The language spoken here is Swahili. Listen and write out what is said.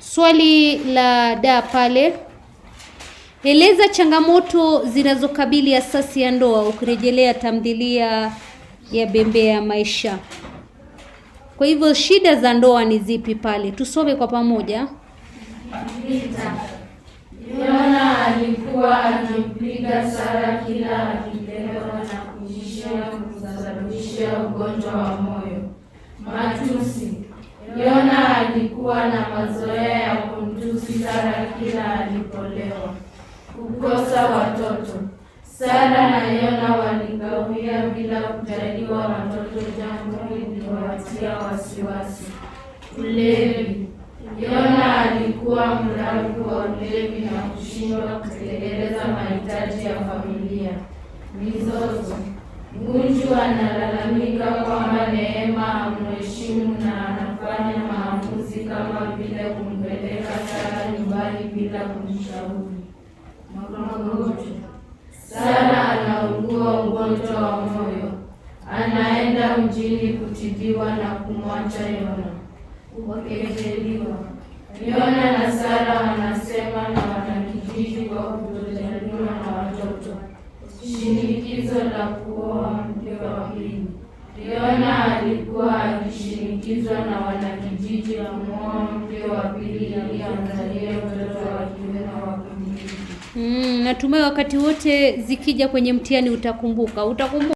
Swali la da pale, eleza changamoto zinazokabili asasi ya ndoa ukirejelea tamthilia ya Bembea ya Maisha. Kwa hivyo shida za ndoa ni zipi pale? Tusome kwa pamoja. Yona alikuwa akimpiga Sara kila akipelewa na kuishia kusababisha ugonjwa wa moyo. na mazoea ya kumtusi Sara kila alipolewa. Kukosa watoto. Sara na Yona waligawia bila kujaliwa watoto, jambo liliwatia wasiwasi. Ulevi. Yona alikuwa mrafu wa ulevi na kushindwa kutekeleza mahitaji ya familia. Mizozo. Gunju analalamika kama bila kumpeleka Sara nyumbani bila kumshauri magonjwa. Sara anaugua ugonjwa wa moyo, anaenda mjini kutibiwa na kumwacha Yona. Kupokejeliwa. Yona na Sara wanasema na wanakijiji kwa kutojaliwa na watoto. Shinikizo la kuoa mke wa pili. Yona alikuwa akishi kuchukizwa na wanakijiji kung'oa mke wa pili iliyoangalia mtoto wa kiume na wa kumiliki. Mm, natumai wakati wote zikija kwenye mtihani utakumbuka, utakumbuka.